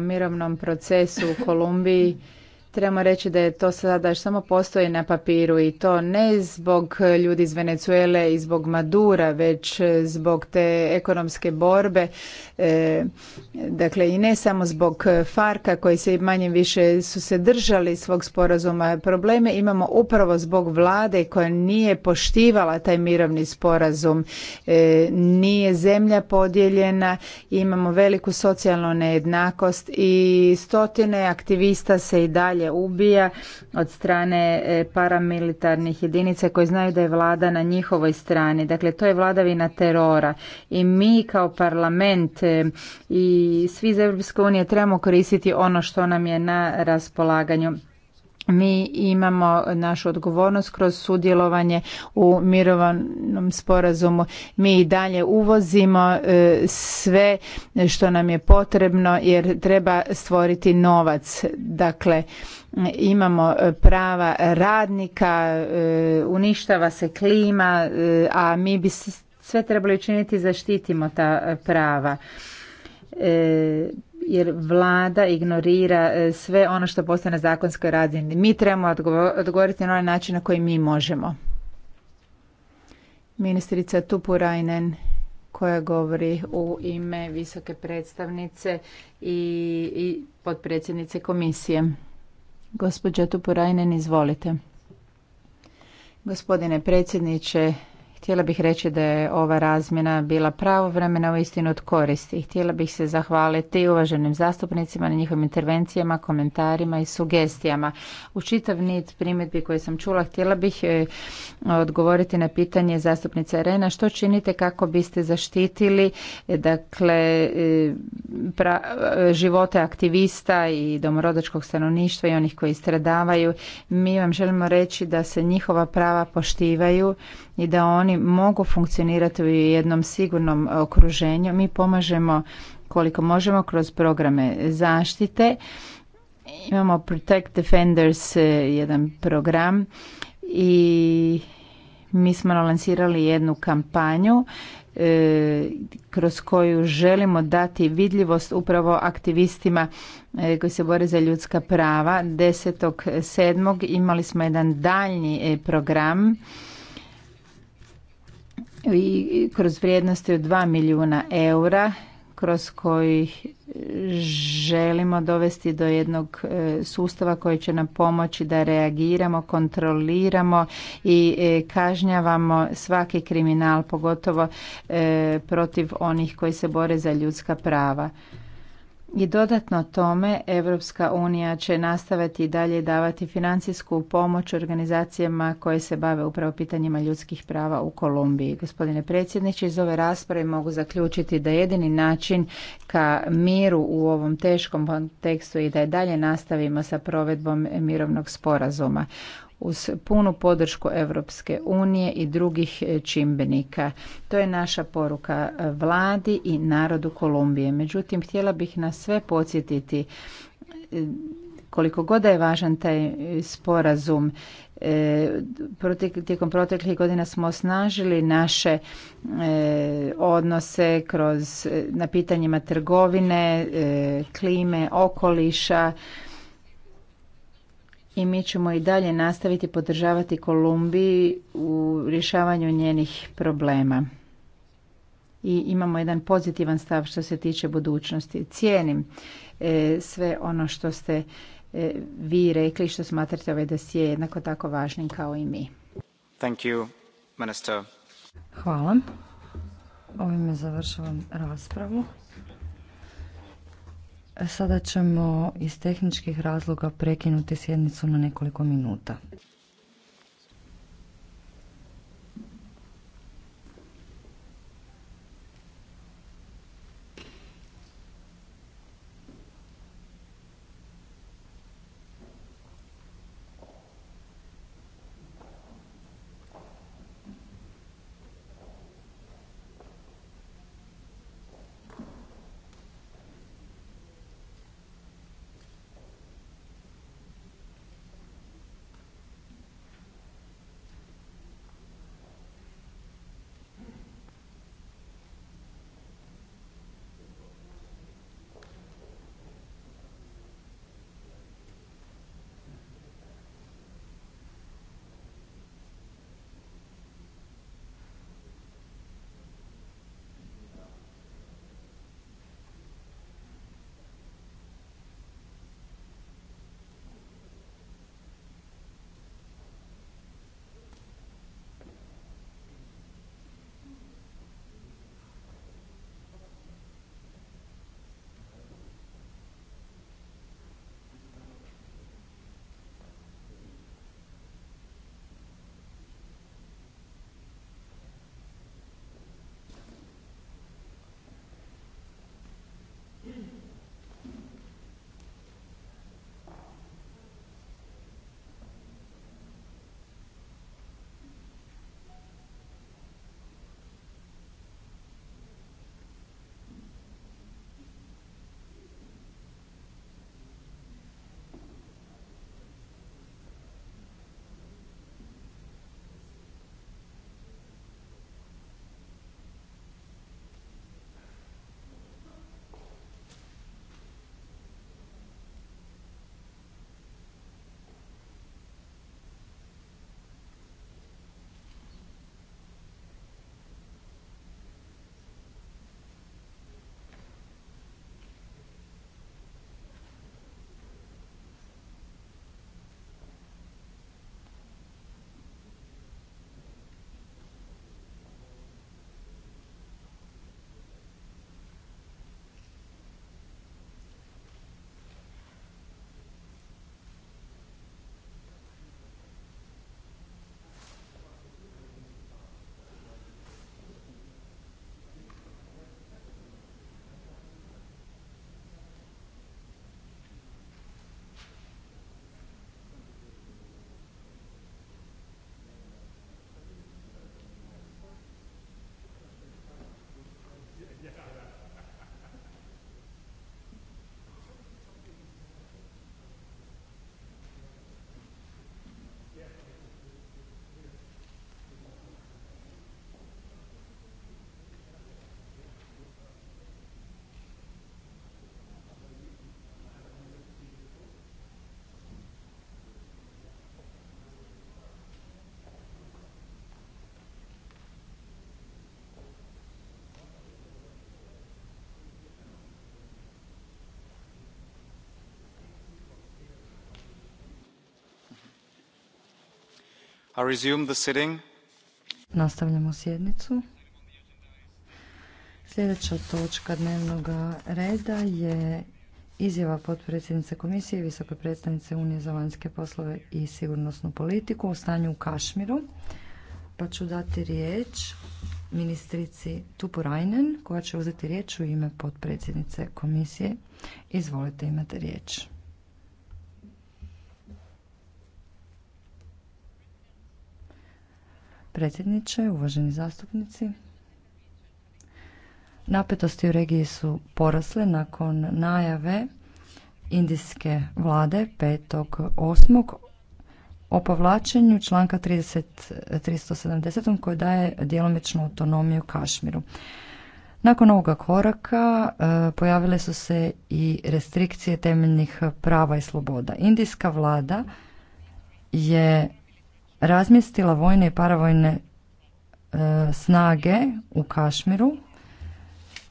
mirovnom procesu u Kolumbiji trebamo reći da je to sada još samo postoji na papiru i to ne zbog ljudi iz Venezuele i zbog Madura, već zbog te ekonomske borbe, e, dakle i ne samo zbog Farka koji se manje više su se držali svog sporazuma. Probleme imamo upravo zbog vlade koja nije poštivala taj mirovni sporazum, e, nije zemlja podijeljena, imamo veliku socijalnu nejednakost i stotine aktivista se i dalje ubija od strane e, paramilitarnih jedinica koje znaju da je vlada na njihovoj strani. Dakle, to je vladavina terora. I mi kao parlament e, i svi iz EU unije trebamo koristiti ono što nam je na raspolaganju mi imamo našu odgovornost kroz sudjelovanje u mirovanom sporazumu. Mi i dalje uvozimo e, sve što nam je potrebno jer treba stvoriti novac. Dakle, imamo prava radnika, e, uništava se klima, e, a mi bi sve trebali učiniti zaštitimo ta prava. E, jer vlada ignorira e, sve ono što postane na zakonskoj razini. Mi trebamo odgovoriti na onaj način na koji mi možemo. Ministrica Tupurajnen koja govori u ime visoke predstavnice i, i potpredsjednice komisije. Gospođa Tupurajnen, izvolite. Gospodine predsjedniče, Htjela bih reći da je ova razmjena bila pravovremena u istinu od koristi. Htjela bih se zahvaliti uvaženim zastupnicima na njihovim intervencijama, komentarima i sugestijama. U čitav nit primjedbi koje sam čula htjela bih eh, odgovoriti na pitanje zastupnice Rena što činite kako biste zaštitili eh, dakle eh, živote aktivista i domorodačkog stanovništva i onih koji stradavaju. Mi vam želimo reći da se njihova prava poštivaju i da oni mogu funkcionirati u jednom sigurnom okruženju. Mi pomažemo koliko možemo kroz programe zaštite. Imamo Protect Defenders, e, jedan program i mi smo lansirali jednu kampanju e, kroz koju želimo dati vidljivost upravo aktivistima e, koji se bore za ljudska prava. 10.7. imali smo jedan daljnji program i kroz vrijednosti od 2 milijuna eura kroz koji želimo dovesti do jednog e, sustava koji će nam pomoći da reagiramo, kontroliramo i e, kažnjavamo svaki kriminal, pogotovo e, protiv onih koji se bore za ljudska prava. I dodatno tome Europska unija će nastaviti i dalje davati financijsku pomoć organizacijama koje se bave upravo pitanjima ljudskih prava u Kolumbiji. Gospodine predsjedniče, iz ove rasprave mogu zaključiti da jedini način ka miru u ovom teškom kontekstu i da je dalje nastavimo sa provedbom mirovnog sporazuma uz punu podršku Europske unije i drugih e, čimbenika. To je naša poruka e, vladi i narodu Kolumbije. Međutim, htjela bih nas sve podsjetiti e, koliko god je važan taj sporazum, tijekom proteklih godina smo osnažili naše odnose kroz na pitanjima trgovine, klime, okoliša, i mi ćemo i dalje nastaviti podržavati Kolumbiji u rješavanju njenih problema. I imamo jedan pozitivan stav što se tiče budućnosti. Cijenim e, sve ono što ste e, vi rekli, što smatrate ovaj dosije jednako tako važnim kao i mi. Thank you, Minister. Hvala. Ovime završavam raspravu. Sada ćemo iz tehničkih razloga prekinuti sjednicu na nekoliko minuta. Nastavljamo sjednicu. Sljedeća točka dnevnog reda je izjava potpredsjednice komisije i visoke predstavnice Unije za vanjske poslove i sigurnosnu politiku o stanju u Kašmiru. Pa ću dati riječ ministrici Tupurajnen koja će uzeti riječ u ime potpredsjednice komisije. Izvolite, imate riječ. predsjedniče, uvaženi zastupnici. Napetosti u regiji su porasle nakon najave indijske vlade 5.8. o povlačenju članka 30, 370. koji daje djelomičnu autonomiju Kašmiru. Nakon ovoga koraka e, pojavile su se i restrikcije temeljnih prava i sloboda. Indijska vlada je razmjestila vojne i paravojne e, snage u Kašmiru.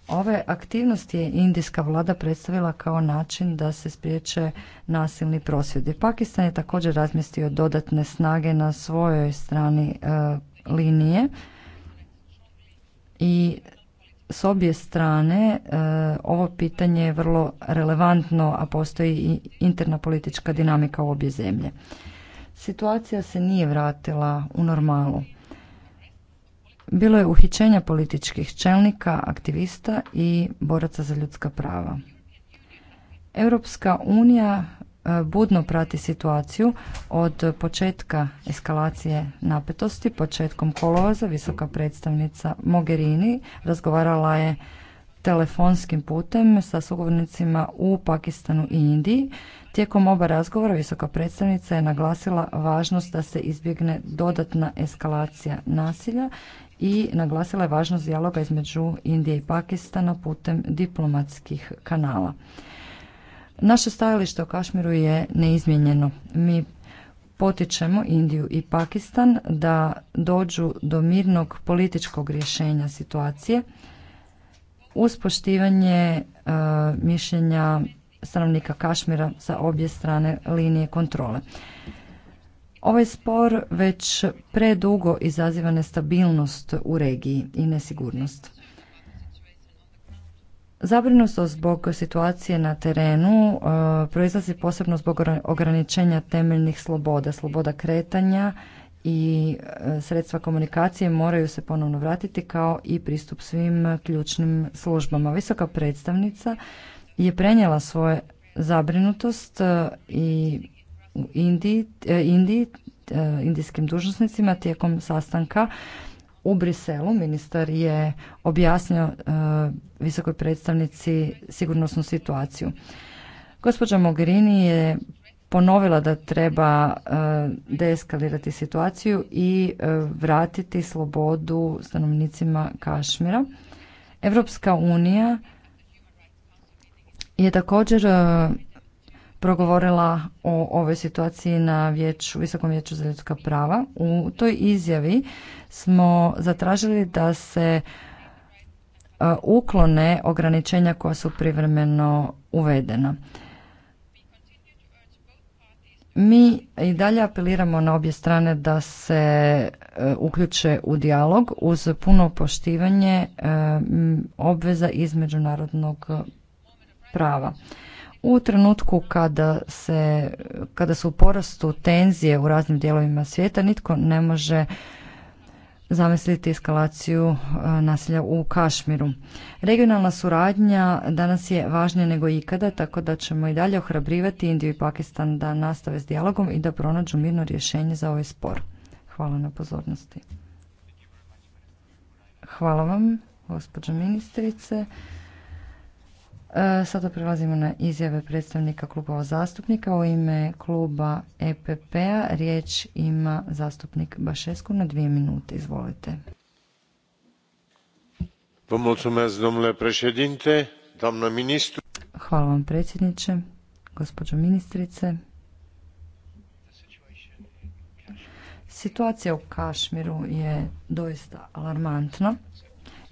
Ove aktivnosti je indijska vlada predstavila kao način da se spriječe nasilni prosvjedi. Pakistan je također razmjestio dodatne snage na svojoj strani e, linije i s obje strane e, ovo pitanje je vrlo relevantno, a postoji i interna politička dinamika u obje zemlje situacija se nije vratila u normalu. Bilo je uhićenja političkih čelnika, aktivista i boraca za ljudska prava. Europska unija e, budno prati situaciju od početka eskalacije napetosti, početkom kolovoza visoka predstavnica Mogherini razgovarala je telefonskim putem sa sugovornicima u Pakistanu i Indiji Tijekom oba razgovora visoka predstavnica je naglasila važnost da se izbjegne dodatna eskalacija nasilja i naglasila je važnost dijaloga između Indije i Pakistana putem diplomatskih kanala. Naše stajalište o Kašmiru je neizmjenjeno. Mi potičemo Indiju i Pakistan da dođu do mirnog političkog rješenja situacije uz poštivanje e, mišljenja stanovnika Kašmira sa obje strane linije kontrole. Ovaj spor već predugo izaziva nestabilnost u regiji i nesigurnost. Zabrinutost zbog situacije na terenu e, proizlazi posebno zbog ograničenja temeljnih sloboda, sloboda kretanja i e, sredstva komunikacije moraju se ponovno vratiti kao i pristup svim ključnim službama. Visoka predstavnica je prenijela svoje zabrinutost e, i u Indiji, e, Indiji e, indijskim dužnosnicima tijekom sastanka u Briselu. Ministar je objasnio visokoj predstavnici sigurnosnu situaciju. Gospođa Mogherini je ponovila da treba deeskalirati situaciju i vratiti slobodu stanovnicima Kašmira. Europska unija je također e, progovorila o ovoj situaciji na Visokom vijeću za ljudska prava. U toj izjavi smo zatražili da se e, uklone ograničenja koja su privremeno uvedena. Mi i dalje apeliramo na obje strane da se e, uključe u dijalog uz puno poštivanje obveza iz međunarodnog prava. U trenutku kada, se, kada su u porastu tenzije u raznim dijelovima svijeta, nitko ne može zamisliti eskalaciju e, nasilja u Kašmiru. Regionalna suradnja danas je važnija nego ikada, tako da ćemo i dalje ohrabrivati Indiju i Pakistan da nastave s dijalogom i da pronađu mirno rješenje za ovaj spor. Hvala na pozornosti. Hvala vam, gospođo ministrice. E, sada prelazimo na izjave predstavnika klubova zastupnika. U ime kluba EPP-a riječ ima zastupnik Bašesku na dvije minute. Izvolite. Hvala vam predsjedniče, gospođo ministrice. Situacija u Kašmiru je doista alarmantna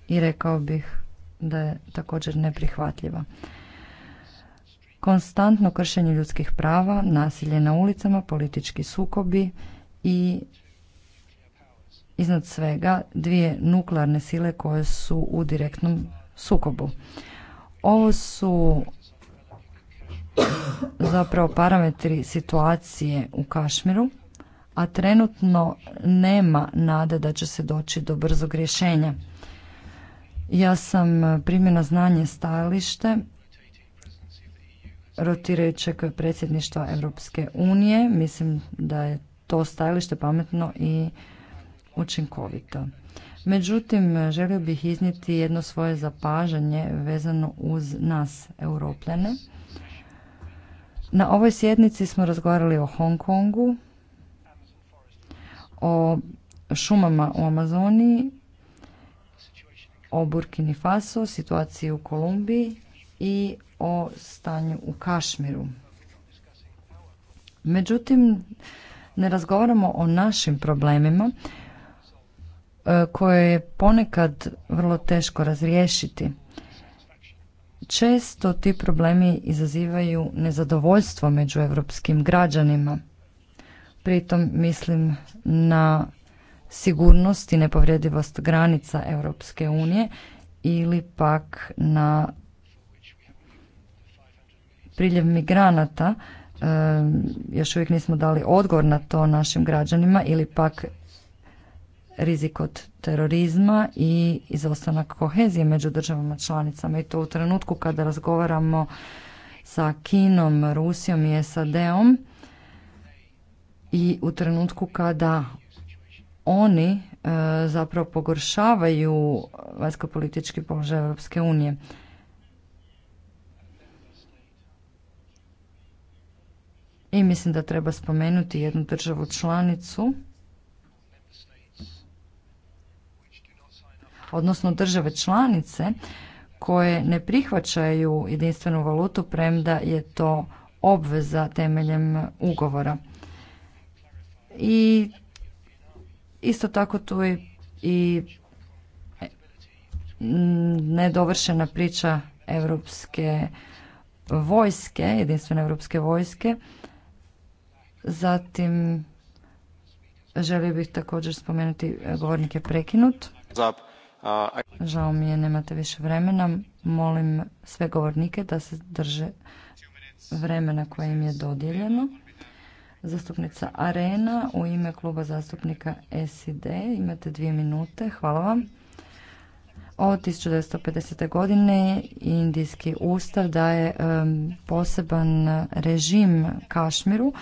i rekao bih da je također neprihvatljiva. Konstantno kršenje ljudskih prava, nasilje na ulicama, politički sukobi i iznad svega dvije nuklearne sile koje su u direktnom sukobu. Ovo su zapravo parametri situacije u Kašmiru, a trenutno nema nade da će se doći do brzog rješenja. Ja sam e, primjena znanje stajalište rotirajućeg predsjedništva Europske unije. Mislim da je to stajalište pametno i učinkovito. Međutim, želio bih iznijeti jedno svoje zapažanje vezano uz nas, europljane. Na ovoj sjednici smo razgovarali o Hong Kongu, o šumama u Amazoniji o Burkini Faso, situaciji u Kolumbiji i o stanju u Kašmiru. Međutim, ne razgovaramo o našim problemima e, koje je ponekad vrlo teško razriješiti. Često ti problemi izazivaju nezadovoljstvo među europskim građanima. Pritom mislim na sigurnost i nepovredivost granica Europske unije ili pak na priljev migranata još uvijek nismo dali odgovor na to našim građanima ili pak rizik od terorizma i izostanak kohezije među državama članicama i to u trenutku kada razgovaramo sa Kinom, Rusijom i SAD-om i u trenutku kada oni e, zapravo pogoršavaju vajsko-politički položaj Europske unije. I mislim da treba spomenuti jednu državu članicu, odnosno države članice koje ne prihvaćaju jedinstvenu valutu premda je to obveza temeljem ugovora. I Isto tako tu je i mm, nedovršena priča europske vojske, jedinstvene europske vojske. Zatim želio bih također spomenuti e, govornik je prekinut. Žao mi je, nemate više vremena. Molim sve govornike da se drže vremena koje im je dodijeljeno zastupnica Arena u ime kluba zastupnika SID. Imate dvije minute. Hvala vam. Od 1950. godine indijski ustav daje poseban režim Kašmiru.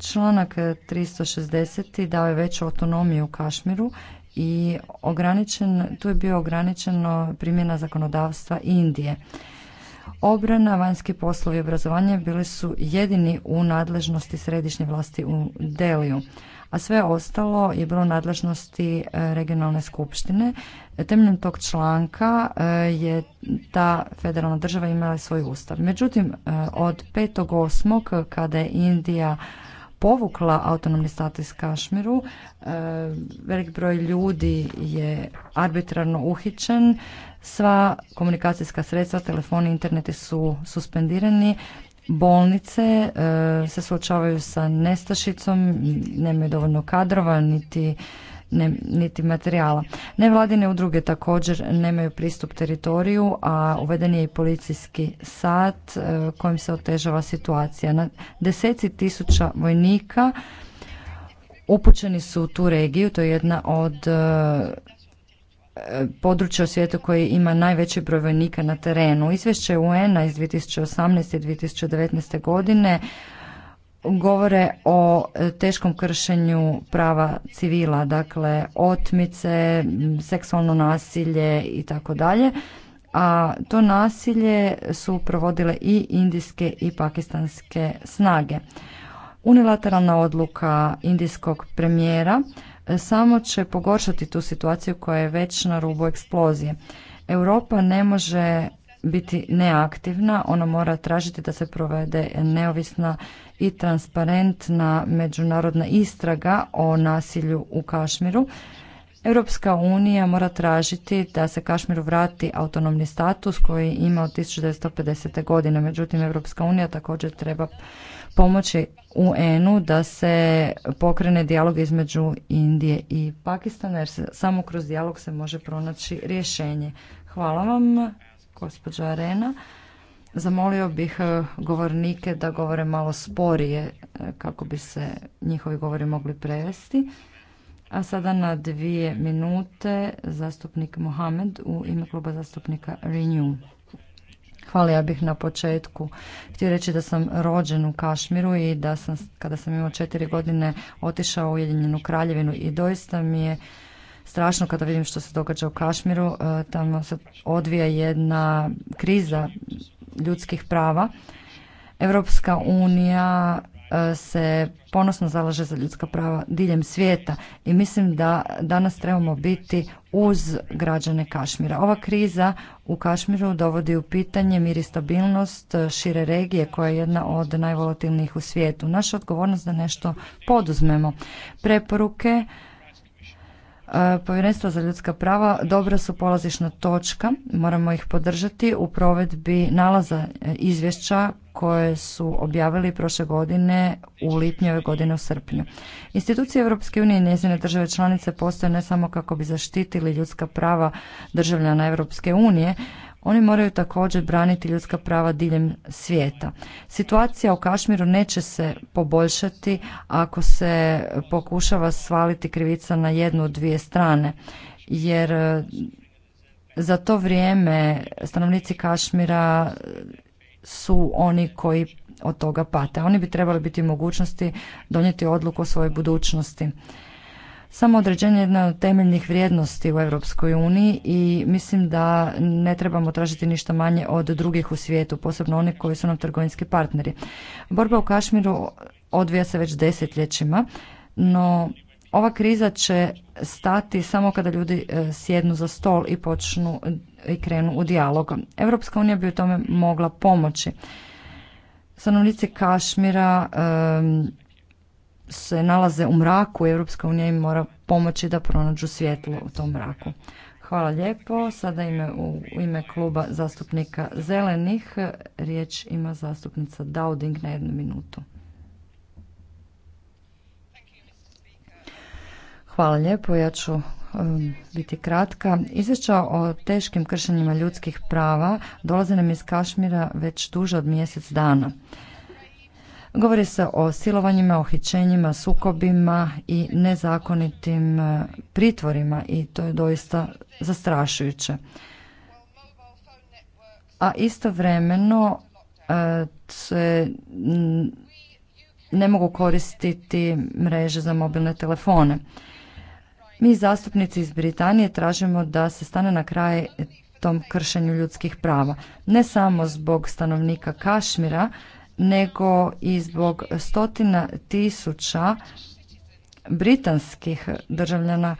Članak 360. dao je veću autonomiju Kašmiru i ograničen, tu je bio ograničeno primjena zakonodavstva Indije. Obrana, vanjski poslovi i obrazovanje bili su jedini u nadležnosti središnje vlasti u Deliju, a sve ostalo je bilo u nadležnosti e, regionalne skupštine. Temeljem tog članka e, je ta federalna država imala svoj ustav. Međutim, e, od 5.8. kada je Indija povukla autonomni status Kašmiru. Velik broj ljudi je arbitrarno uhićen, Sva komunikacijska sredstva, telefoni, i interneti su suspendirani. Bolnice e, se suočavaju sa nestašicom, nemaju dovoljno kadrova niti niti materijala. Nevladine udruge također nemaju pristup teritoriju, a uveden je i policijski sat e, kojim se otežava situacija. Na deseci tisuća vojnika upućeni su u tu regiju, to je jedna od e, područja u svijetu koji ima najveći broj vojnika na terenu. Izvješće UN-a iz 2018. i 2019. godine govore o teškom kršenju prava civila, dakle otmice, seksualno nasilje i tako dalje. A to nasilje su provodile i indijske i pakistanske snage. Unilateralna odluka indijskog premijera samo će pogoršati tu situaciju koja je već na rubu eksplozije. Europa ne može biti neaktivna, ona mora tražiti da se provede neovisna i transparentna međunarodna istraga o nasilju u Kašmiru. Europska unija mora tražiti da se Kašmiru vrati autonomni status koji ima od 1950. godine. Međutim, Europska unija također treba pomoći UN-u da se pokrene dijalog između Indije i Pakistana jer se, samo kroz dijalog se može pronaći rješenje. Hvala vam, gospođa Arena. Zamolio bih eh, govornike da govore malo sporije eh, kako bi se njihovi govori mogli prevesti. A sada na dvije minute zastupnik Mohamed u ime kluba zastupnika Renew. Hvala ja bih na početku. Htio reći da sam rođen u Kašmiru i da sam kada sam imao četiri godine otišao u Ujedinjenu kraljevinu i doista mi je strašno kada vidim što se događa u Kašmiru. E, tamo se odvija jedna kriza ljudskih prava. Europska unija se ponosno zalaže za ljudska prava diljem svijeta i mislim da danas trebamo biti uz građane Kašmira. Ova kriza u Kašmiru dovodi u pitanje mir i stabilnost šire regije koja je jedna od najvolatilnijih u svijetu. Naša odgovornost da nešto poduzmemo. Preporuke E, Povjerenstvo za ljudska prava dobra su polazišna točka, moramo ih podržati u provedbi nalaza e, izvješća koje su objavili prošle godine u lipnju ove godine u srpnju. Institucije Europske unije i njezine države članice postoje ne samo kako bi zaštitili ljudska prava državljana Europske unije, oni moraju također braniti ljudska prava diljem svijeta. Situacija u Kašmiru neće se poboljšati ako se pokušava svaliti krivica na jednu od dvije strane, jer e, za to vrijeme stanovnici Kašmira su oni koji od toga pate. Oni bi trebali biti u mogućnosti donijeti odluku o svojoj budućnosti. Samo određenje jedna od temeljnih vrijednosti u Europskoj uniji i mislim da ne trebamo tražiti ništa manje od drugih u svijetu, posebno onih koji su nam trgovinski partneri. Borba u Kašmiru odvija se već desetljećima, no ova kriza će stati samo kada ljudi e, sjednu za stol i počnu e, i krenu u dijalog. Europska unija bi u tome mogla pomoći. Stanovnici Kašmira um, se nalaze u mraku, Europska unija im mora pomoći da pronađu svjetlo u tom mraku. Hvala lijepo. Sada ime u ime kluba zastupnika Zelenih riječ ima zastupnica Dauding na jednu minutu. Hvala lijepo. Ja ću um, biti kratka. Izvješća o teškim kršenjima ljudskih prava dolaze nam iz Kašmira već duže od mjesec dana. Govori se o silovanjima, ohićenjima, sukobima i nezakonitim e, pritvorima i to je doista zastrašujuće. A istovremeno e, se ne mogu koristiti mreže za mobilne telefone. Mi zastupnici iz Britanije tražimo da se stane na kraj tom kršenju ljudskih prava. Ne samo zbog stanovnika Kašmira, nego i zbog stotina tisuća britanskih državljana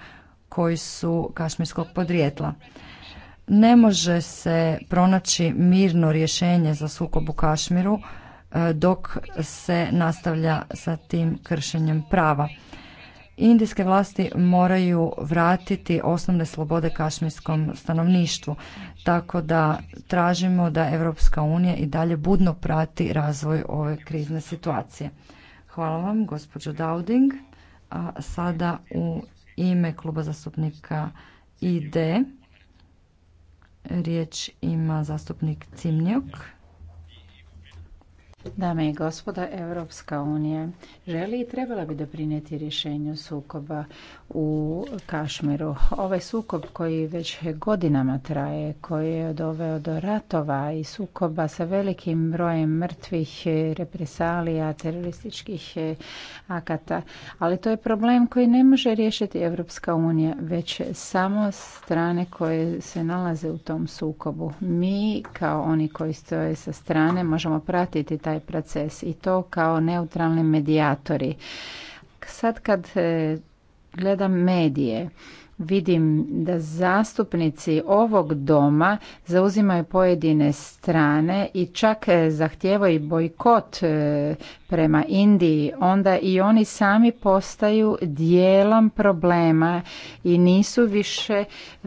koji su kašmirskog podrijetla. Ne može se pronaći mirno rješenje za sukob u Kašmiru e, dok se nastavlja sa tim kršenjem prava. Indijske vlasti moraju vratiti osnovne slobode kašmirskom stanovništvu, tako da tražimo da Europska unija i dalje budno prati razvoj ove krizne situacije. Hvala vam, gospođo Dauding. A sada u ime kluba zastupnika ID riječ ima zastupnik Cimnjuk. Dame i gospoda, Europska unija želi i trebala bi doprinijeti rješenju sukoba u Kašmiru. Ovaj sukob koji već godinama traje, koji je doveo do ratova i sukoba sa velikim brojem mrtvih, represalija, terorističkih akata. Ali to je problem koji ne može riješiti Europska unija, već samo strane koje se nalaze u tom sukobu. Mi, kao oni koji stoje sa strane, možemo pratiti taj proces i to kao neutralni medijatori. Sad kad e, gledam medije, vidim da zastupnici ovog doma zauzimaju pojedine strane i čak e, zahtijevaju bojkot e, prema Indiji, onda i oni sami postaju dijelom problema i nisu više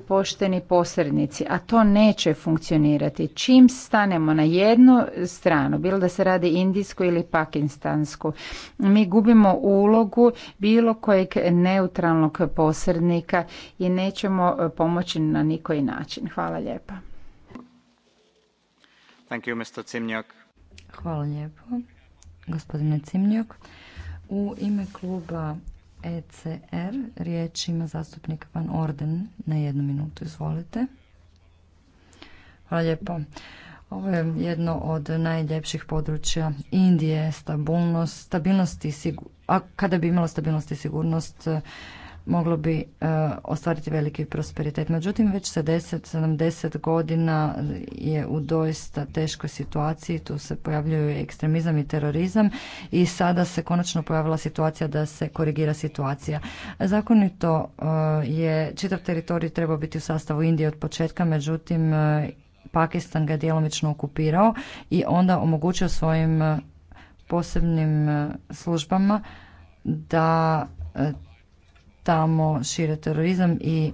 pošteni posrednici, a to neće funkcionirati. Čim stanemo na jednu stranu, bilo da se radi indijsku ili pakistansku, mi gubimo ulogu bilo kojeg neutralnog posrednika i nećemo e, pomoći na nikoji način. Hvala lijepa. Thank you, Mr. Hvala lijepo, gospodine Cimnjok. U ime kluba ECR riječ ima zastupnik Van Orden na jednu minutu. Izvolite. Hvala lijepo. Ovo je jedno od najljepših područja Indije, stabilnost, stabilnost i a kada bi imalo stabilnost i sigurnost, moglo bi e, ostvariti veliki prosperitet. Međutim, već se 10-70 godina je u doista teškoj situaciji, tu se pojavljuju ekstremizam i terorizam i sada se konačno pojavila situacija da se korigira situacija. Zakonito e, je čitav teritorij trebao biti u sastavu Indije od početka, međutim e, Pakistan ga je djelomično okupirao i onda omogućio svojim posebnim službama da tamo šire terorizam i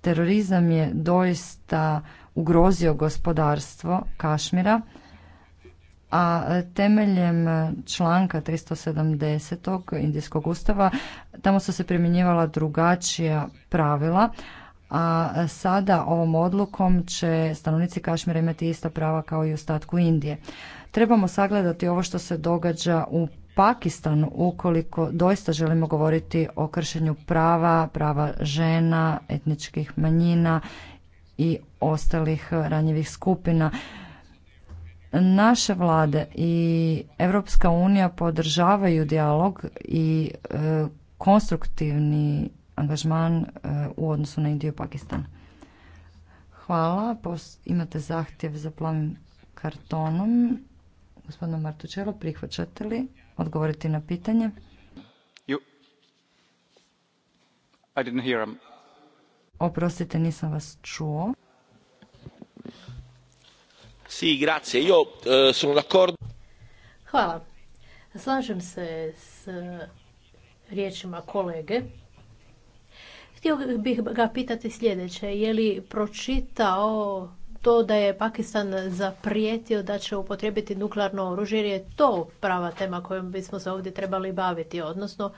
terorizam je doista ugrozio gospodarstvo Kašmira, a temeljem članka 370. Indijskog ustava tamo su se primjenjivala drugačija pravila, a sada ovom odlukom će stanovnici Kašmira imati ista prava kao i u ostatku Indije. Trebamo sagledati ovo što se događa u Pakistan ukoliko doista želimo govoriti o kršenju prava, prava žena, etničkih manjina i ostalih ranjivih skupina. Naše vlade i Europska unija podržavaju dijalog i e, konstruktivni angažman e, u odnosu na Indiju i Pakistan. Hvala. imate zahtjev za plavim kartonom. Gospodina Martučelo, prihvaćate li? odgovoriti na pitanje? Um, Oprostite, nisam vas čuo. grazie. Io eh, Hvala. Slažem se s eh, riječima kolege. Htio bih ga pitati sljedeće. Je li pročitao to da je Pakistan zaprijetio da će upotrijebiti nuklearno oružje jer je to prava tema kojom bismo se ovdje trebali baviti, odnosno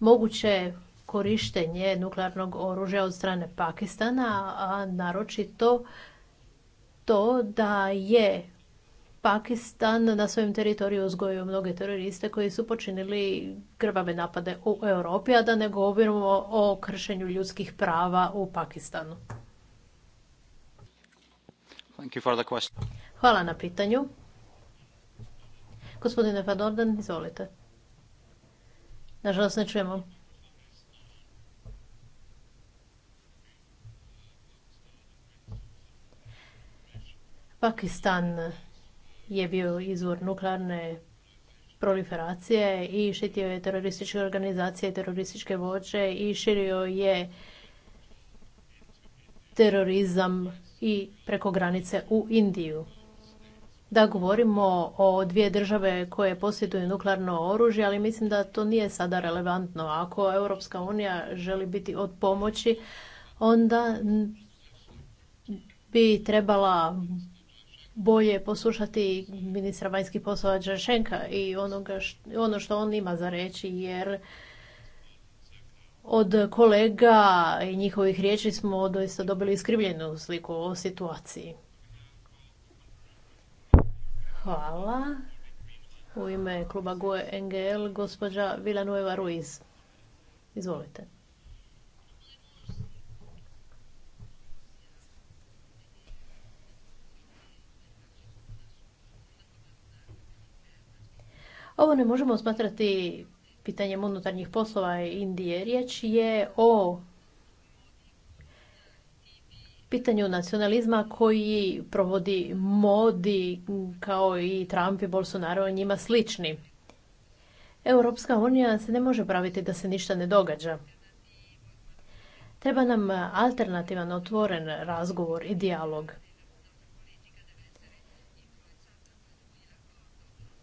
moguće korištenje nuklearnog oružja od strane Pakistana, a naročito to da je Pakistan na svojem teritoriju uzgojio mnoge teroriste koji su počinili krvave napade u Europi, a da ne govorimo o kršenju ljudskih prava u Pakistanu. Hvala na pitanju. Gospodine Van Orden, izvolite. Nažalost ne čujemo. Pakistan je bio izvor nuklearne proliferacije i šitio je terorističke organizacije i terorističke vođe i širio je terorizam i preko granice u Indiju. Da govorimo o dvije države koje posjeduju nuklearno oružje, ali mislim da to nije sada relevantno. Ako Europska unija želi biti od pomoći, onda bi trebala bolje poslušati ministra vanjskih poslova Đeršenka i ono što on ima za reći, jer od kolega i njihovih riječi smo doista dobili iskrivljenu sliku o situaciji. Hvala. U ime kluba GUE NGL, gospođa Villanueva Ruiz. Izvolite. Ovo ne možemo smatrati pitanjem unutarnjih poslova Indije. Riječ je o pitanju nacionalizma koji provodi modi kao i Trump i Bolsonaro njima slični. Europska unija se ne može praviti da se ništa ne događa. Treba nam alternativan, otvoren razgovor i dijalog.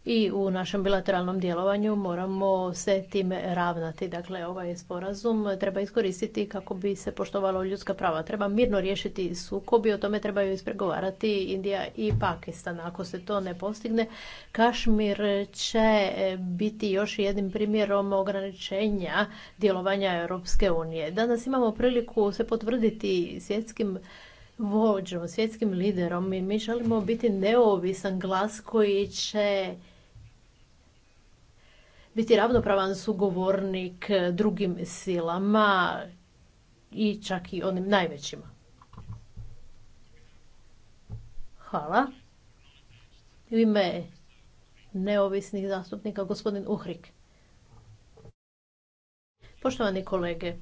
i u našem bilateralnom djelovanju moramo se tim ravnati. Dakle, ovaj sporazum treba iskoristiti kako bi se poštovalo ljudska prava. Treba mirno riješiti sukob i o tome trebaju ispregovarati Indija i Pakistan. Ako se to ne postigne, Kašmir će e, biti još jednim primjerom ograničenja djelovanja Europske unije. Danas imamo priliku se potvrditi svjetskim vođom, svjetskim liderom i mi želimo biti neovisan glas koji će biti ravnopravan sugovornik eh, drugim silama i čak i onim najvećima. Hvala. U ime neovisnih zastupnika, gospodin Uhrik. Poštovani kolege,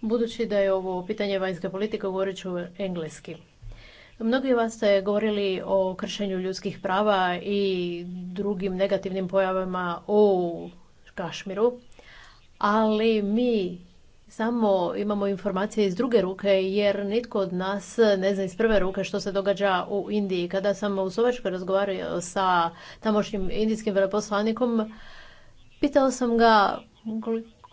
budući da je ovo pitanje vanjske politike, govorit ću engleski. Mnogi vas ste govorili o kršenju ljudskih prava i drugim negativnim pojavama u Kašmiru, ali mi samo imamo informacije iz druge ruke jer nitko od nas ne zna iz prve ruke što se događa u Indiji. Kada sam u Slovačkoj razgovarao sa tamošnjim indijskim veleposlanikom, pitao sam ga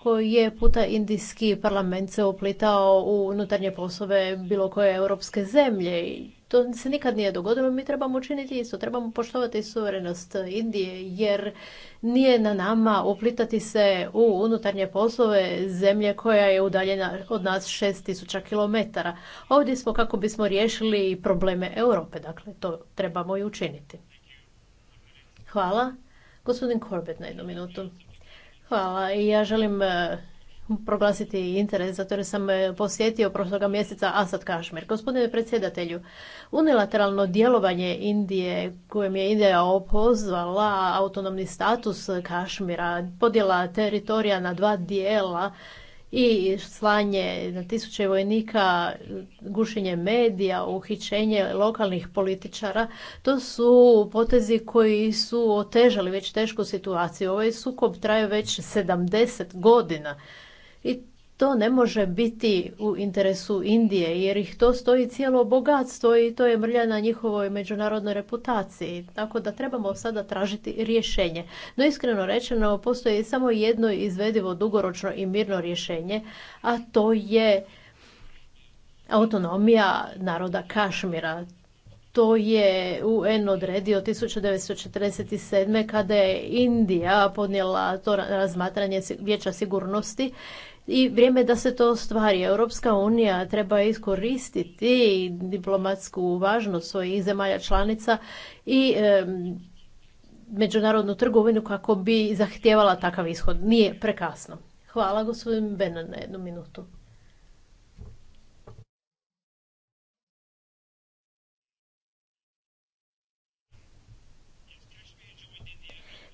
koji je puta indijski parlament se uplitao u unutarnje poslove bilo koje europske zemlje. I to se nikad nije dogodilo, mi trebamo učiniti isto, trebamo poštovati suverenost Indije, jer nije na nama uplitati se u unutarnje poslove zemlje koja je udaljena od nas 6000 km. Ovdje smo kako bismo riješili probleme Europe, dakle to trebamo i učiniti. Hvala. Gospodin Corbett na jednu minutu. Hvala i ja želim e, proglasiti interes zato jer sam e, posjetio prošloga mjeseca Asad Kašmir. Gospodine predsjedatelju, unilateralno djelovanje Indije kojem je Indija opozvala autonomni status Kašmira, podjela teritorija na dva dijela i slanje na tisuće vojnika, gušenje medija, uhićenje lokalnih političara, to su potezi koji su otežali već tešku situaciju. Ovaj sukob traje već 70 godina i to ne može biti u interesu Indije jer ih to stoji cijelo bogatstvo i to je mrlja na njihovoj međunarodnoj reputaciji. Tako da trebamo sada tražiti rješenje. No iskreno rečeno postoji samo jedno izvedivo dugoročno i mirno rješenje, a to je autonomija naroda Kašmira. To je UN odredio 1947. kada je Indija podnijela to razmatranje Vijeća sigurnosti i vrijeme da se to ostvari. Europska unija treba iskoristiti diplomatsku važnost svojih zemalja članica i međunarodnu trgovinu kako bi zahtijevala takav ishod. Nije prekasno. Hvala gospodin Benan na jednu minutu.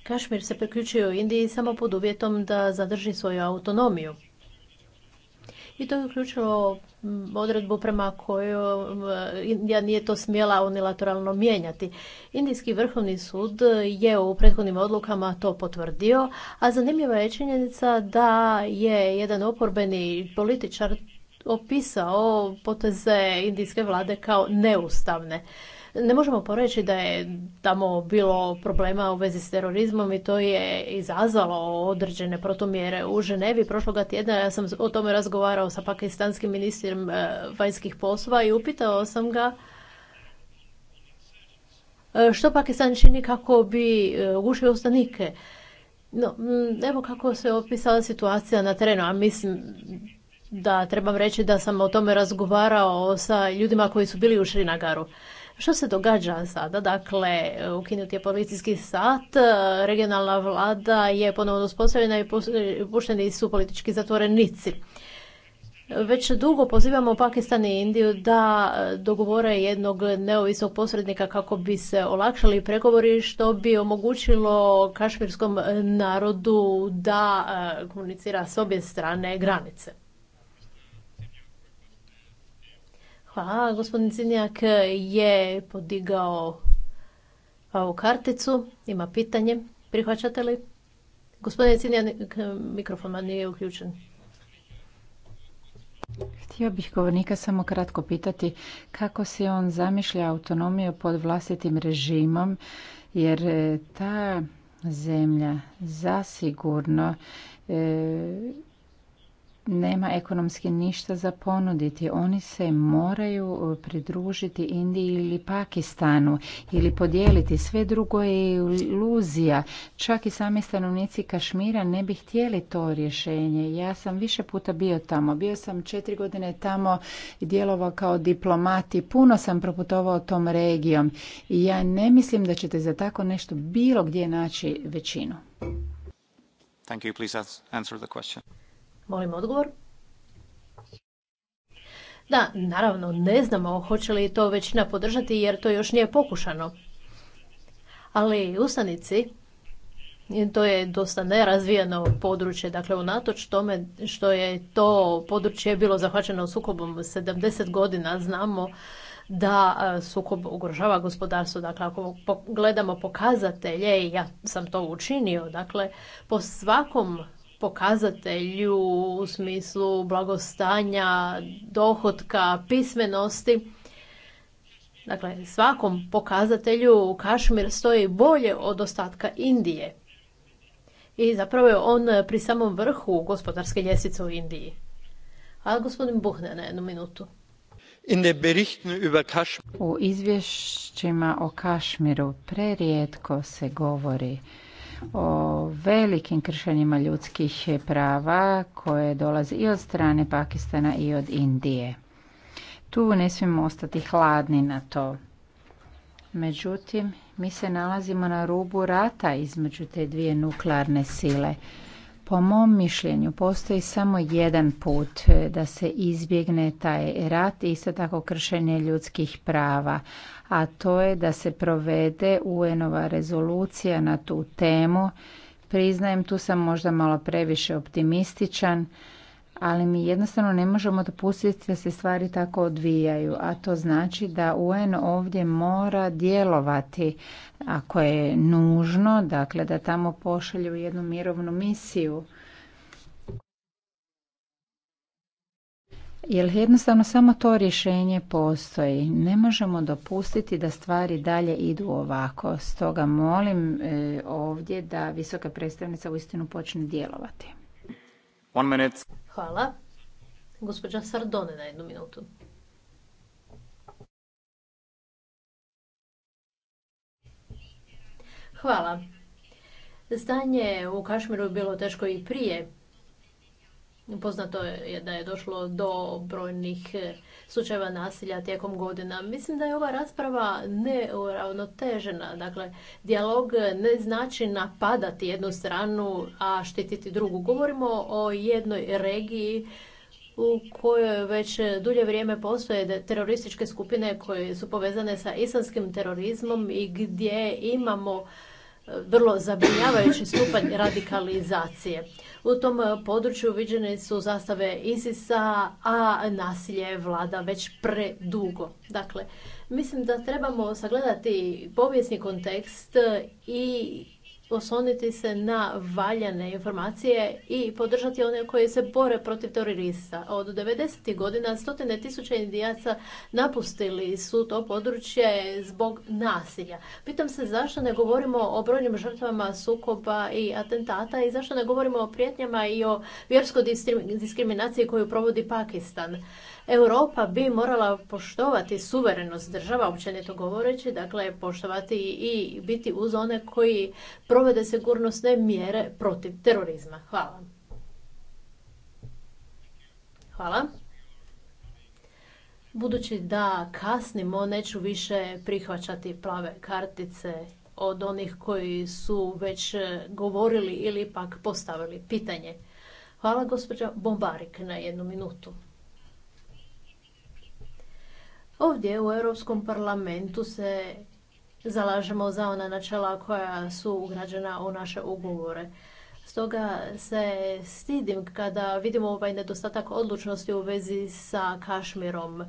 Kašmir se u Indiji samo pod uvjetom da zadrži svoju autonomiju i to je uključilo mm, odredbu prema kojoj Indija mm, nije to smjela unilateralno mijenjati. Indijski vrhovni sud je u prethodnim odlukama to potvrdio, a zanimljiva je činjenica da je jedan oporbeni političar opisao poteze indijske vlade kao neustavne. Ne možemo poreći da je tamo bilo problema u vezi s terorizmom i to je izazvalo određene protumjere u Ženevi. Prošloga tjedna ja sam o tome razgovarao sa pakistanskim ministrom e, vanjskih poslova i upitao sam ga e, što Pakistan čini kako bi e, ugušio ustanike. No, evo kako se opisala situacija na terenu, a mislim da trebam reći da sam o tome razgovarao sa ljudima koji su bili u Šrinagaru. Što se događa sada? Dakle, ukinut je policijski sat, regionalna vlada je ponovno uspostavljena i pušteni su politički zatvorenici. Već dugo pozivamo Pakistan i Indiju da e, dogovore jednog neovisnog posrednika kako bi se olakšali pregovori što bi omogućilo kašmirskom narodu da e, komunicira s obje strane granice. Pa, gospodin Cinjak je podigao ovu karticu. Ima pitanje. Prihvaćate li? Gospodin Cinjak, mikrofon nije uključen. Htio bih govornika samo kratko pitati kako se on zamišlja autonomiju pod vlastitim režimom, jer e, ta zemlja zasigurno e, nema ekonomski ništa za ponuditi. Oni se moraju e, pridružiti Indiji ili Pakistanu ili podijeliti. Sve drugo je iluzija. Čak i sami stanovnici Kašmira ne bi htjeli to rješenje. Ja sam više puta bio tamo. Bio sam četiri godine tamo i djelovao kao diplomat i puno sam proputovao tom regijom. I ja ne mislim da ćete za tako nešto bilo gdje naći većinu. Thank you. Please answer the question. Molim odgovor. Da, naravno, ne znamo hoće li to većina podržati jer to još nije pokušano. Ali ustanici, to je dosta nerazvijeno područje, dakle unatoč tome što je to područje bilo zahvaćeno sukobom 70 godina, znamo da sukob ugrožava gospodarstvo. Dakle, ako gledamo pokazatelje, ja sam to učinio, dakle, po svakom pokazatelju u smislu blagostanja, dohotka, pismenosti. Dakle, svakom pokazatelju Kašmir stoji bolje od ostatka Indije. I zapravo je on pri samom vrhu gospodarske ljestvice u Indiji. A gospodin Buhne na jednu minutu. U izvješćima o Kašmiru prerijetko se govori o velikim kršenjima ljudskih prava koje dolazi i od strane Pakistana i od Indije. Tu ne smijemo ostati hladni na to. Međutim, mi se nalazimo na rubu rata između te dvije nuklearne sile. Po mom mišljenju postoji samo jedan put e, da se izbjegne taj rat i isto tako kršenje ljudskih prava, a to je da se provede UN-ova rezolucija na tu temu. Priznajem, tu sam možda malo previše optimističan, ali mi jednostavno ne možemo dopustiti da se stvari tako odvijaju, a to znači da UN ovdje mora djelovati ako je nužno, dakle da tamo pošalju jednu mirovnu misiju. Jer jednostavno samo to rješenje postoji. Ne možemo dopustiti da stvari dalje idu ovako. Stoga molim e, ovdje da visoka predstavnica uistinu počne djelovati. Hvala. Gospođa Sardone na jednu minutu. Hvala. Stanje u Kašmiru je bilo teško i prije. Poznato je da je došlo do brojnih e, slučajeva nasilja tijekom godina. Mislim da je ova rasprava neuravnotežena. Dakle, dijalog ne znači napadati jednu stranu, a štititi drugu. Govorimo o jednoj regiji u kojoj već dulje vrijeme postoje terorističke skupine koje su povezane sa islamskim terorizmom i gdje imamo vrlo zabrinjavajući stupanj radikalizacije. U tom e, području viđene su zastave ISIS-a, a nasilje vlada već predugo. Dakle, mislim da trebamo sagledati povijesni kontekst i osloniti se na valjane informacije i podržati one koji se bore protiv terorista. Od 90. godina stotine tisuća indijaca napustili su to područje zbog nasilja. Pitam se zašto ne govorimo o brojnim žrtvama sukoba i atentata i zašto ne govorimo o prijetnjama i o vjerskoj diskriminaciji koju provodi Pakistan. Europa bi morala poštovati suverenost država, općenito govoreći, dakle poštovati i biti uz one koji provode sigurnosne mjere protiv terorizma. Hvala. Hvala. Budući da kasnimo, neću više prihvaćati plave kartice od onih koji su već govorili ili pak postavili pitanje. Hvala gospođa Bombarik na jednu minutu. Ovdje u Europskom parlamentu se zalažemo za ona načela koja su ugrađena u naše ugovore. Stoga se stidim kada vidimo ovaj nedostatak odlučnosti u vezi sa Kašmirom.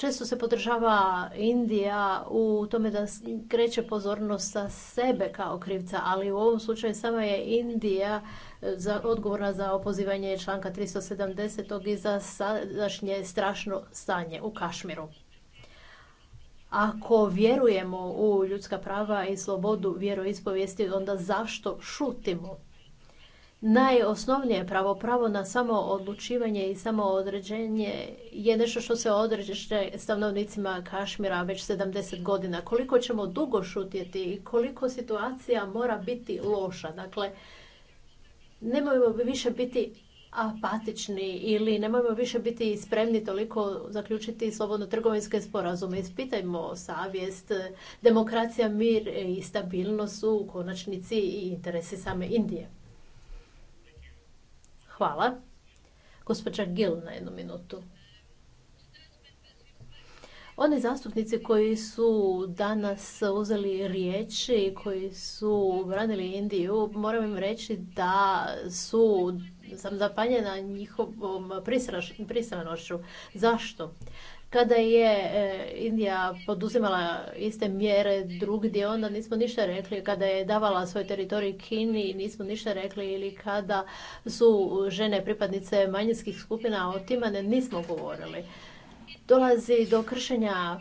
Često se podržava Indija u tome da kreće pozornost sa sebe kao krivca, ali u ovom slučaju sama je Indija e, za, odgovorna za opozivanje članka 370. i za sadašnje strašno stanje u Kašmiru. Ako vjerujemo u ljudska prava i slobodu vjeroispovijesti, onda zašto šutimo? najosnovnije pravo, pravo na odlučivanje i određenje je nešto što se određe stanovnicima Kašmira već 70 godina. Koliko ćemo dugo šutjeti i koliko situacija mora biti loša. Dakle, nemojmo više biti apatični ili nemojmo više biti spremni toliko zaključiti slobodno trgovinske sporazume. Ispitajmo savjest, demokracija, mir i stabilnost su u konačnici i interesi same Indije. Hvala. Gospođa Gil na jednu minutu. Oni zastupnici koji su danas uzeli riječi i koji su branili Indiju, moram im reći da su sam zapanjena njihovom pristranošću. Zašto? Kada je e, Indija poduzimala iste mjere drugdje, onda nismo ništa rekli. Kada je davala svoj teritorij Kini, nismo ništa rekli. Ili kada su žene pripadnice manjinskih skupina otimane, nismo govorili. Dolazi do kršenja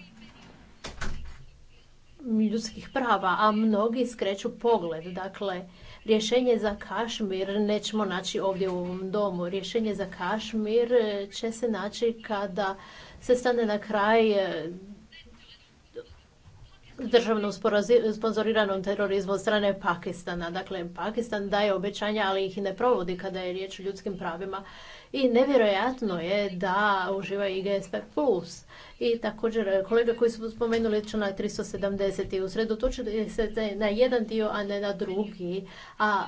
ljudskih prava, a mnogi skreću pogled. Dakle, rješenje za Kašmir nećemo naći ovdje u ovom domu. Rješenje za Kašmir će se naći kada se stane na kraj e, državnom sponzoriranom terorizmu od strane Pakistana. Dakle, Pakistan daje obećanja, ali ih ne provodi kada je riječ o ljudskim pravima. I nevjerojatno je da uživa i Plus. I također, e, kolega koji su spomenuli članak 370. i u usredotočili se na jedan dio, a ne na drugi. A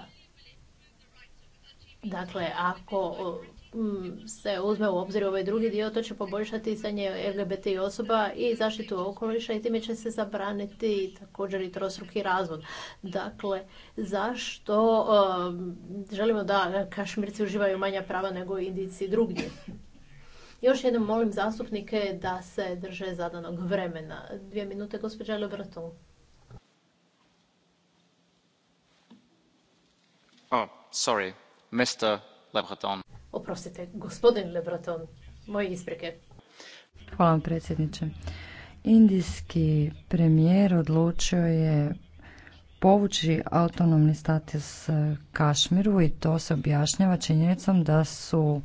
Dakle, ako Mm, se uzme u obzir ovaj drugi dio, to će poboljšati stanje LGBT osoba i zaštitu okoliša i time će se zabraniti također i trostruki razvod. Dakle, zašto um, želimo da kašmirci uživaju manja prava nego indici drugdje? Još jednom molim zastupnike da se drže zadanog vremena. Dvije minute, gospođa Lebraton. Oh, sorry, Mr. Le Oprostite, gospodin Lebraton, Moje isprike. Hvala vam predsjedniče. Indijski premijer odlučio je povući autonomni status Kašmiru i to se objašnjava činjenicom da su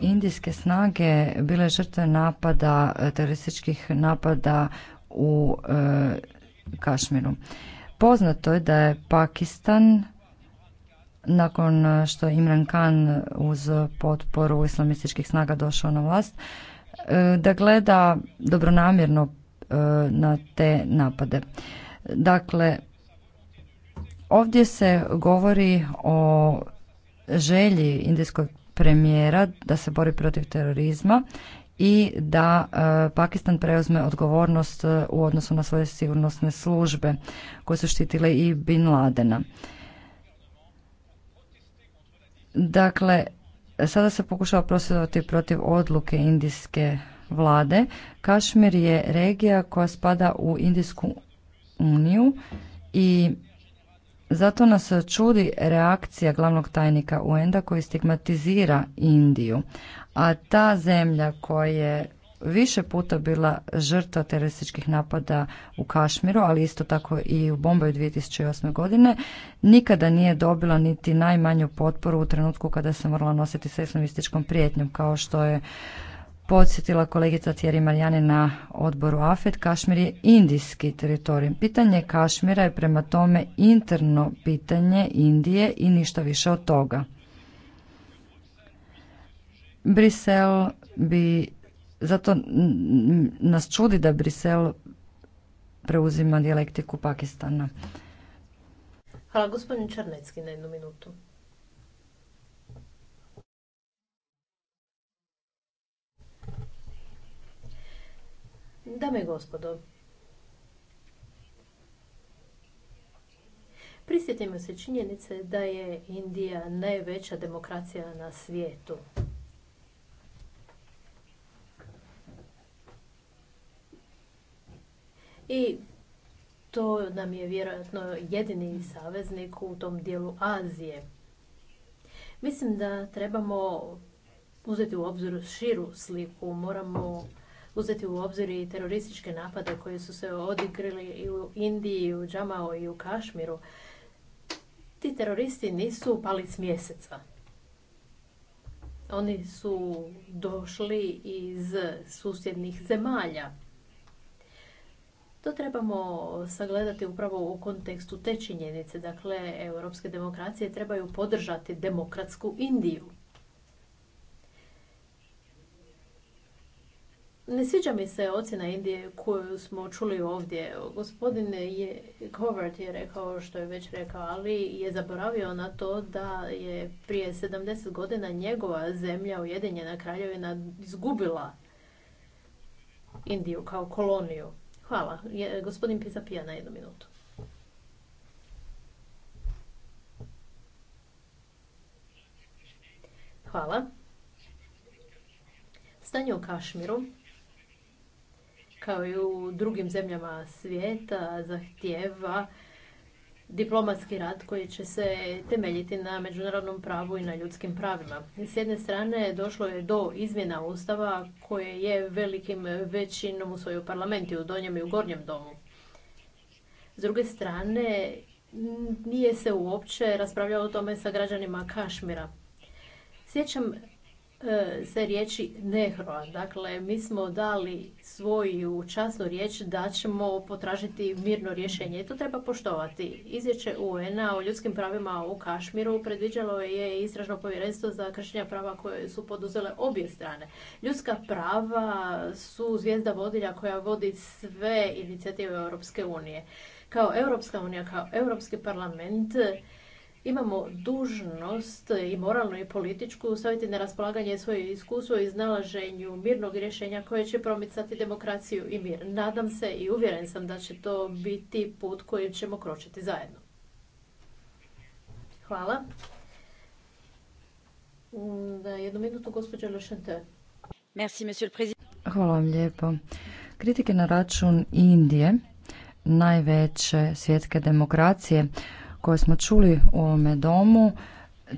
indijske snage bile žrtve napada, terorističkih napada u e, Kašmiru. Poznato je da je Pakistan nakon e, što je Imran Khan uz potporu islamističkih snaga došao na vlast, e, da gleda dobronamjerno e, na te napade. Dakle, ovdje se govori o želji indijskog premijera da se bori protiv terorizma i da Pakistan preuzme odgovornost u odnosu na svoje sigurnosne službe koje su štitile i Bin Ladena. Dakle, sada se pokušava prosvjedovati protiv odluke indijske vlade. Kašmir je regija koja spada u Indijsku uniju i zato nas čudi reakcija glavnog tajnika UN-a koji stigmatizira Indiju. A ta zemlja koja je više puta bila žrtva terorističkih napada u Kašmiru, ali isto tako i u Bombaju 2008. godine, nikada nije dobila niti najmanju potporu u trenutku kada se morala nositi sa islamističkom prijetnjom, kao što je podsjetila kolegica Thierry Marijane na odboru AFED, Kašmir je indijski teritorij. Pitanje Kašmira je prema tome interno pitanje Indije i ništa više od toga. Brisel bi zato nas čudi da Brisel preuzima dijalektiku Pakistana. Hvala gospodin Črnecki na jednu minutu. Dame i gospodo, prisjetimo se činjenice da je Indija najveća demokracija na svijetu. i to nam je vjerojatno jedini saveznik u tom dijelu Azije. Mislim da trebamo uzeti u obzir širu sliku, moramo uzeti u obzir i terorističke napade koje su se odigrili i u Indiji, i u Džamao i u Kašmiru. Ti teroristi nisu pali s mjeseca. Oni su došli iz susjednih zemalja. To trebamo sagledati upravo u kontekstu te činjenice. Dakle, europske demokracije trebaju podržati demokratsku Indiju. Ne sviđa mi se ocjena Indije koju smo čuli ovdje. Gospodin je, je rekao što je već rekao, ali je zaboravio na to da je prije 70 godina njegova zemlja Ujedinjena kraljevina izgubila Indiju kao koloniju. Hvala. Je, gospodin Pizapija na jednu minutu. Hvala. Stanje u Kašmiru, kao i u drugim zemljama svijeta, zahtijeva diplomatski rad koji će se temeljiti na međunarodnom pravu i na ljudskim pravima. S jedne strane došlo je do izmjena ustava koje je velikim većinom u svojoj parlamenti u donjem i u gornjem domu. S druge strane nije se uopće raspravljalo o tome sa građanima Kašmira. Sjećam se riječi nehroa. Dakle, mi smo dali svoju časnu riječ da ćemo potražiti mirno rješenje. I to treba poštovati. Izvješće UN-a o ljudskim pravima u Kašmiru predviđalo je istražno povjerenstvo za kršenja prava koje su poduzele obje strane. Ljudska prava su zvijezda vodilja koja vodi sve inicijative Europske unije. Kao Europska unija, kao Europski parlament imamo dužnost i moralnu i političku staviti na raspolaganje svoje iskustvo i znalaženju mirnog rješenja koje će promicati demokraciju i mir. Nadam se i uvjeren sam da će to biti put kojim ćemo kročiti zajedno. Hvala. Da, jednu minutu, gospođa Lešente. Hvala vam lijepo. Kritike na račun Indije, najveće svjetske demokracije, koje smo čuli u ovome domu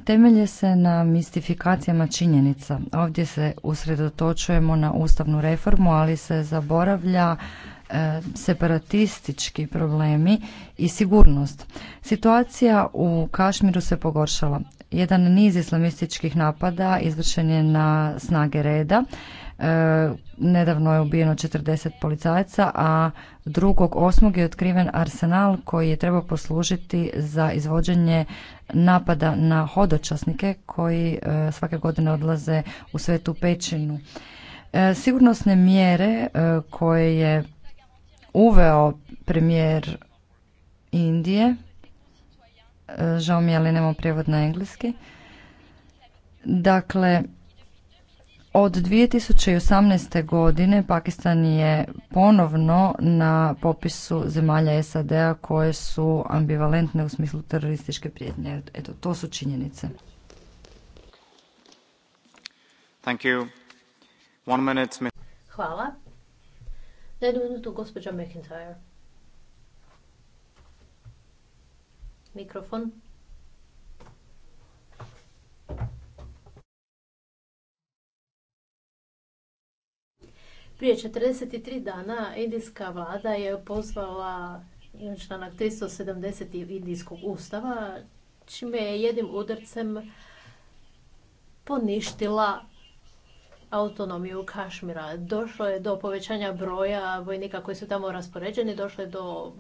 temelje se na mistifikacijama činjenica. Ovdje se usredotočujemo na ustavnu reformu, ali se zaboravlja e, separatistički problemi i sigurnost. Situacija u Kašmiru se pogoršala. Jedan niz islamističkih napada izvršen je na snage reda E, nedavno je ubijeno 40 policajaca, a 2.8. je otkriven arsenal koji je trebao poslužiti za izvođenje napada na hodočasnike koji e, svake godine odlaze u svetu pećinu. E, sigurnosne mjere koje je uveo premijer Indije, žao mi je ali nemamo prijevod na engleski, dakle od 2018. godine Pakistan je ponovno na popisu zemalja SAD-a koje su ambivalentne u smislu terorističke prijetnje. Eto, to su činjenice. Thank you. One minute. Hvala. Na jednu minutu gospođa McIntyre. Mikrofon. Prije 43 dana indijska vlada je pozvala članak 370 indijskog ustava, čime je jednim udarcem poništila autonomiju Kašmira. Došlo je do povećanja broja vojnika koji su tamo raspoređeni, došlo je do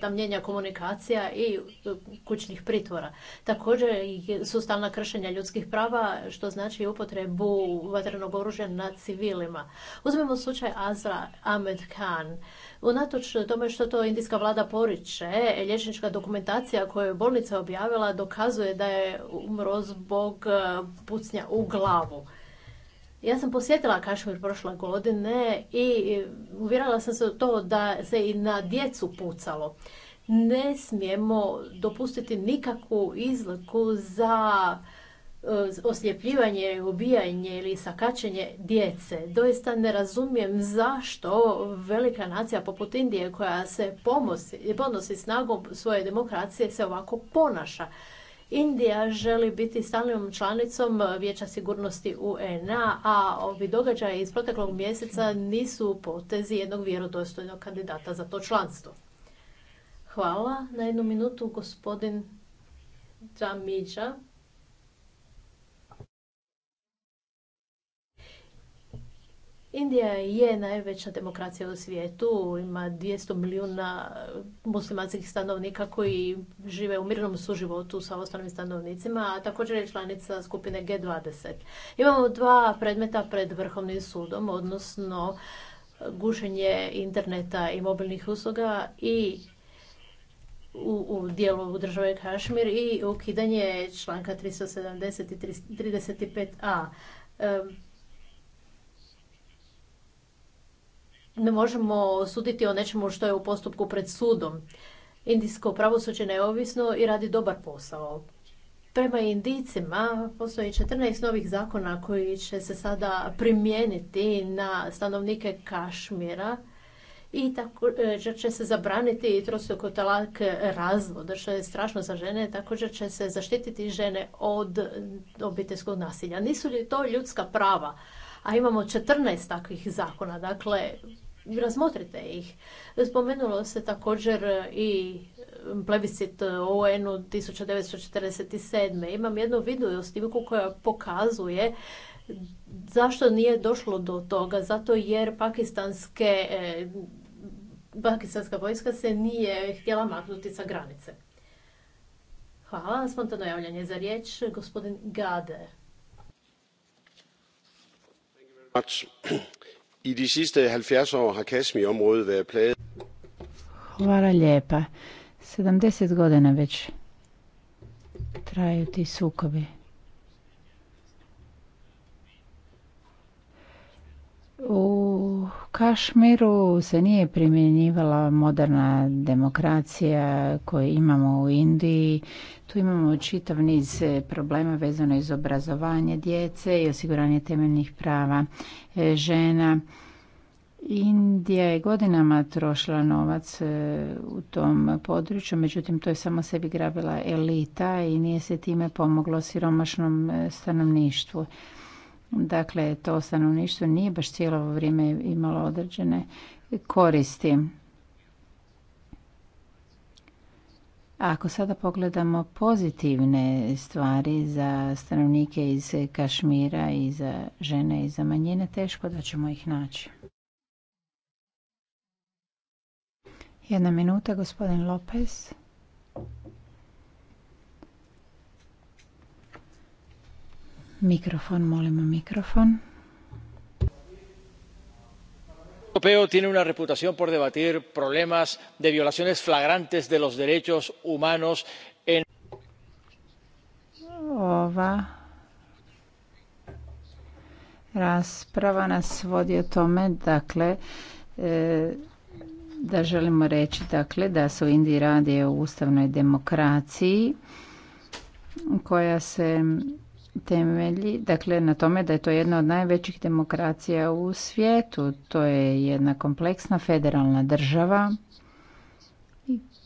tamnjenja komunikacija i e, kućnih pritvora. Također su stalna kršenja ljudskih prava, što znači upotrebu vatrenog oružja na civilima. Uzmemo slučaj Azra Ahmed Khan. Unatoč tome što to indijska vlada poriče, liječnička dokumentacija koju je bolnica objavila dokazuje da je umro zbog e, pucnja u glavu. Ja sam posjetila Kašmir prošle godine i uvjerala sam se u to da se i na djecu pucalo. Ne smijemo dopustiti nikakvu izliku za e, osljepljivanje, ubijanje ili sakačenje djece. Doista ne razumijem zašto velika nacija poput Indije koja se ponosi snagom svoje demokracije se ovako ponaša. Indija želi biti stalnom članicom Vijeća sigurnosti UN-a, a ovi događaje iz proteklog mjeseca nisu potezi jednog vjerodostojnog kandidata za to članstvo. Hvala. Na jednu minutu gospodin Džamidža. Indija je najveća demokracija u svijetu, ima 200 milijuna muslimanskih stanovnika koji žive u mirnom suživotu sa ostalim stanovnicima, a također je članica skupine G20. Imamo dva predmeta pred Vrhovnim sudom, odnosno gušenje interneta i mobilnih usluga i u, dijelu države Kašmir i ukidanje članka 370 i 35a. ne možemo suditi o nečemu što je u postupku pred sudom. Indijsko pravosuđe neovisno i radi dobar posao. Prema indicima postoji 14 novih zakona koji će se sada primijeniti na stanovnike Kašmira i također će se zabraniti i trostruko talak razvod, što je strašno za žene, također će se zaštititi žene od obiteljskog nasilja. Nisu li to ljudska prava? A imamo 14 takvih zakona, dakle razmotrite ih. Spomenulo se također i e, plebiscit e, UN-u 1947. Imam jednu video snimku koja pokazuje zašto nije došlo do toga. Zato jer pakistanske, e, pakistanska vojska se nije htjela maknuti sa granice. Hvala. Spontano javljanje za riječ. Gospodin Gade. I de sidste 70 år har Kashmirområdet været plaget. Hvala lijepa. 70 godina već traju ti sukobi. U Kašmiru se nije primjenjivala moderna demokracija koju imamo u Indiji. Tu imamo čitav niz problema vezano iz obrazovanje djece i osiguranje temeljnih prava e, žena. Indija je godinama trošila novac e, u tom području, međutim to je samo sebi grabila elita i nije se time pomoglo siromašnom e, stanovništvu. Dakle, to stanovništvo nije baš cijelo vrijeme imalo određene koristi. Ako sada pogledamo pozitivne stvari za stanovnike iz Kašmira i za žene i za manjine, teško da ćemo ih naći. Jedna minuta, gospodin Lopez. Mikrofon, molimo mikrofon. europeo tiene una reputación por debatir problemas de violaciones flagrantes de los derechos humanos en Ova rasprava nas vodi o tome dakle e, da želimo reći dakle da se u Indiji radi o ustavnoj demokraciji koja se temelji dakle na tome da je to jedna od najvećih demokracija u svijetu. To je jedna kompleksna federalna država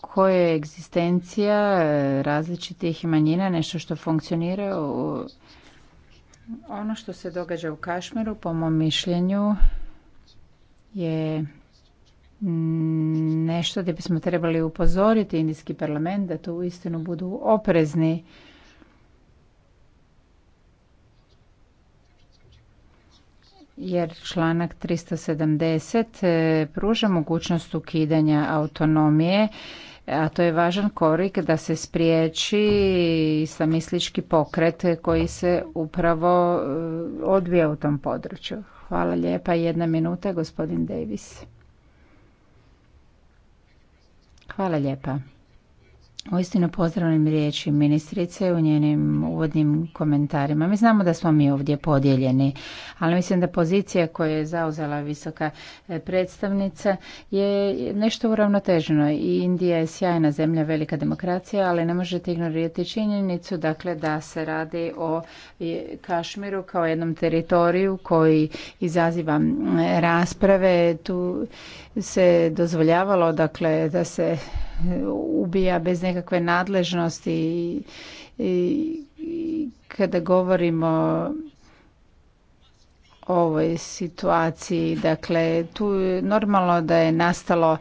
koja je egzistencija različitih manjina, nešto što funkcionira u ono što se događa u Kašmiru, po mom mišljenju, je nešto gdje bismo trebali upozoriti Indijski parlament da to uistinu budu oprezni jer članak 370 e, pruža mogućnost ukidanja autonomije a to je važan korik da se spriječi islamistički pokret koji se upravo e, odvija u tom području. Hvala lijepa. Jedna minuta, gospodin Davis. Hvala lijepa. Uistinu pozdravljam riječi ministrice u njenim uvodnim komentarima. Mi znamo da smo mi ovdje podijeljeni, ali mislim da pozicija koju je zauzela visoka e, predstavnica je nešto uravnoteženo. I Indija je sjajna zemlja, velika demokracija, ali ne možete ignorirati činjenicu dakle, da se radi o e, Kašmiru kao jednom teritoriju koji izaziva rasprave. Tu se dozvoljavalo dakle, da se ubija bez nekakve nadležnosti i, i kada govorimo ovoj situaciji. Dakle, tu je normalno da je nastalo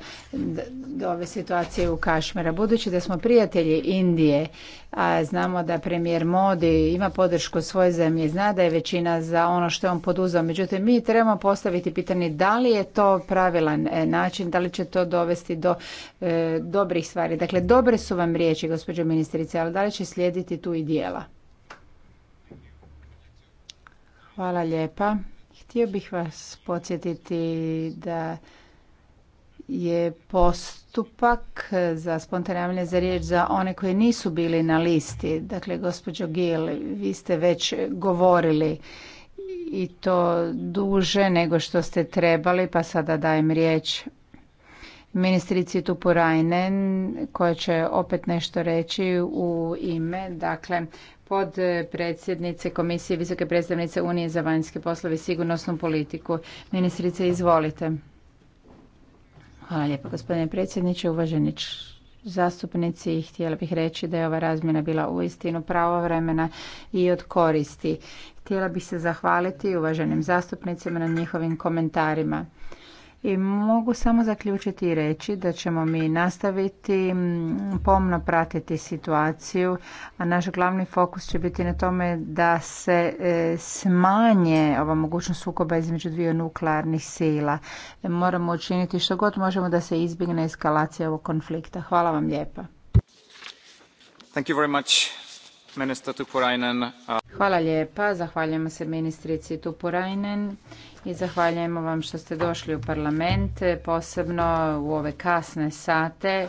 do ove situacije u Kašmera. Budući da smo prijatelji Indije, a znamo da premijer Modi ima podršku svoje zemlje, zna da je većina za ono što je on poduzao. Međutim, mi trebamo postaviti pitanje da li je to pravilan e, način, da li će to dovesti do e, dobrih stvari. Dakle, dobre su vam riječi, gospođo ministrice, ali da li će slijediti tu i dijela? Hvala lijepa. Htio bih vas podsjetiti da je postupak za spontanavljanje za riječ za one koji nisu bili na listi. Dakle, gospođo Gil, vi ste već govorili i to duže nego što ste trebali, pa sada dajem riječ ministrici Tuporajnen, koja će opet nešto reći u ime, dakle pod predsjednice Komisije Visoke predstavnice Unije za vanjske poslove i sigurnosnu politiku. Ministrice, izvolite. Hvala lijepo gospodine predsjedniče, uvaženi zastupnici. Htjela bih reći da je ova razmjena bila uistinu pravovremena i od koristi. Htjela bih se zahvaliti uvaženim zastupnicima na njihovim komentarima. I mogu samo zaključiti i reći da ćemo mi nastaviti pomno pratiti situaciju, a naš glavni fokus će biti na tome da se e, smanje ova mogućnost sukoba između dviju nuklearnih sila. Moramo učiniti što god možemo da se izbjegne eskalacija ovog konflikta. Hvala vam lijepa. Thank you very much. Hvala lijepa. Zahvaljujemo se ministrici Tupurajnen i zahvaljujemo vam što ste došli u parlament, posebno u ove kasne sate.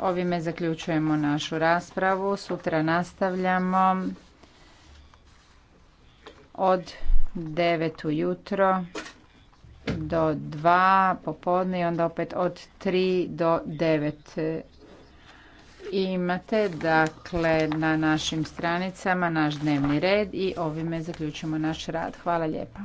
Ovime zaključujemo našu raspravu. Sutra nastavljamo od 9 ujutro do 2 popodne i onda opet od 3 do 9 imate dakle na našim stranicama naš dnevni red i ovime zaključujemo naš rad. Hvala lijepa.